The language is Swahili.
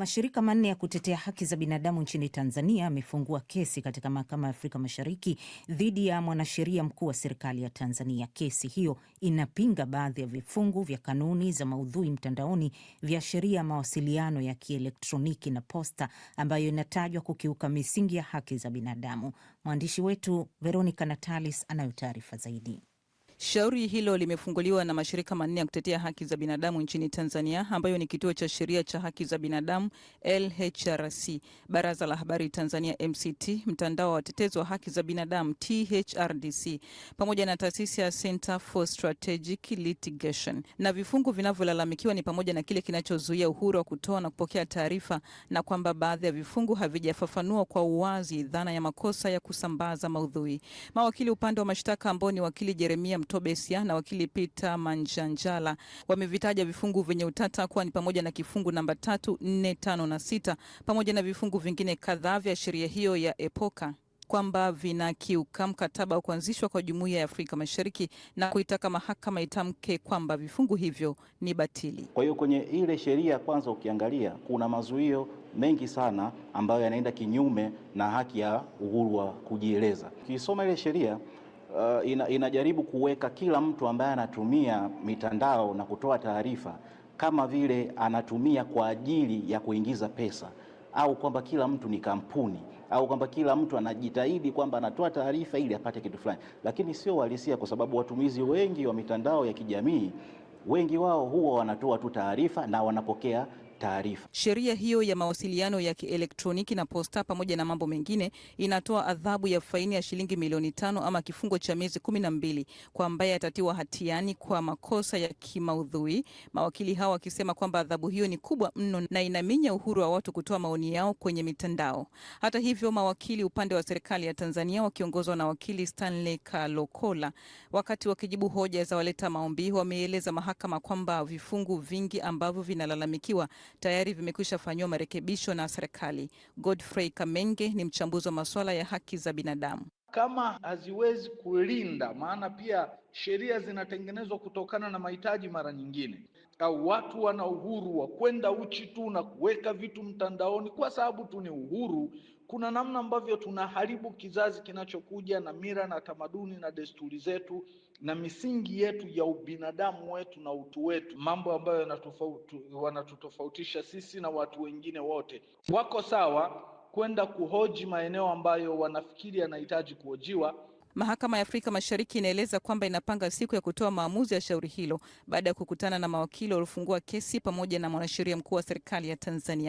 Mashirika manne ya kutetea haki za binadamu nchini Tanzania yamefungua kesi katika Mahakama ya Afrika Mashariki dhidi ya mwanasheria mkuu wa serikali ya Tanzania. Kesi hiyo inapinga baadhi ya vifungu vya kanuni za maudhui mtandaoni vya sheria ya mawasiliano ya kielektroniki na posta ambayo inatajwa kukiuka misingi ya haki za binadamu. Mwandishi wetu Veronica Natalis anayo taarifa zaidi. Shauri hilo limefunguliwa na mashirika manne ya kutetea haki za binadamu nchini Tanzania ambayo ni Kituo cha Sheria cha Haki za Binadamu LHRC, Baraza la Habari Tanzania MCT, Mtandao wa Watetezi wa Haki za Binadamu THRDC, pamoja na taasisi ya Center for Strategic Litigation. Na vifungu vinavyolalamikiwa ni pamoja na kile kinachozuia uhuru wa kutoa na kupokea taarifa na kwamba baadhi ya vifungu havijafafanua kwa uwazi dhana ya makosa ya kusambaza maudhui. Mawakili upande wa mashtaka ambao ni wakili Jeremia Tobesia na wakili Peter Manjanjala wamevitaja vifungu vyenye utata kuwa ni pamoja na kifungu namba tatu, nne, tano na sita pamoja na vifungu vingine kadhaa vya sheria hiyo ya epoka kwamba vinakiuka mkataba wa kuanzishwa kwa jumuiya ya Afrika Mashariki na kuitaka mahakama itamke kwamba vifungu hivyo ni batili. Kwa hiyo kwenye ile sheria kwanza, ukiangalia kuna mazuio mengi sana ambayo yanaenda kinyume na haki ya uhuru wa kujieleza. Ukisoma ile sheria uh, ina, inajaribu kuweka kila mtu ambaye anatumia mitandao na kutoa taarifa kama vile anatumia kwa ajili ya kuingiza pesa au kwamba kila mtu ni kampuni au kwamba kila mtu anajitahidi kwamba anatoa taarifa ili apate kitu fulani, lakini sio uhalisia, kwa sababu watumizi wengi wa mitandao ya kijamii wengi wao huwa wanatoa tu taarifa na wanapokea taarifa. Sheria hiyo ya mawasiliano ya kielektroniki na posta, pamoja na mambo mengine, inatoa adhabu ya faini ya shilingi milioni tano ama kifungo cha miezi kumi na mbili kwa ambaye atatiwa hatiani kwa makosa ya kimaudhui, mawakili hao wakisema kwamba adhabu hiyo ni kubwa mno na inaminya uhuru wa watu kutoa maoni yao kwenye mitandao. Hata hivyo, mawakili upande wa serikali ya Tanzania wakiongozwa na wakili Stanley Kalokola, wakati wakijibu hoja za waleta maombi, wameeleza mahakama kwamba vifungu vingi ambavyo vinalalamikiwa tayari vimekwisha fanyiwa marekebisho na serikali. Godfrey Kamenge ni mchambuzi wa masuala ya haki za binadamu. Kama haziwezi kulinda, maana pia sheria zinatengenezwa kutokana na mahitaji mara nyingine au watu wana uhuru wa kwenda uchi tu na kuweka vitu mtandaoni kwa sababu tu ni uhuru. Kuna namna ambavyo tunaharibu kizazi kinachokuja na mira na tamaduni na desturi zetu na misingi yetu ya ubinadamu wetu na utu wetu, mambo ambayo wanatutofautisha sisi na watu wengine wote. Wako sawa kwenda kuhoji maeneo ambayo wanafikiri yanahitaji kuhojiwa Mahakama ya Afrika Mashariki inaeleza kwamba inapanga siku ya kutoa maamuzi ya shauri hilo baada ya kukutana na mawakili waliofungua kesi pamoja na mwanasheria mkuu wa serikali ya Tanzania.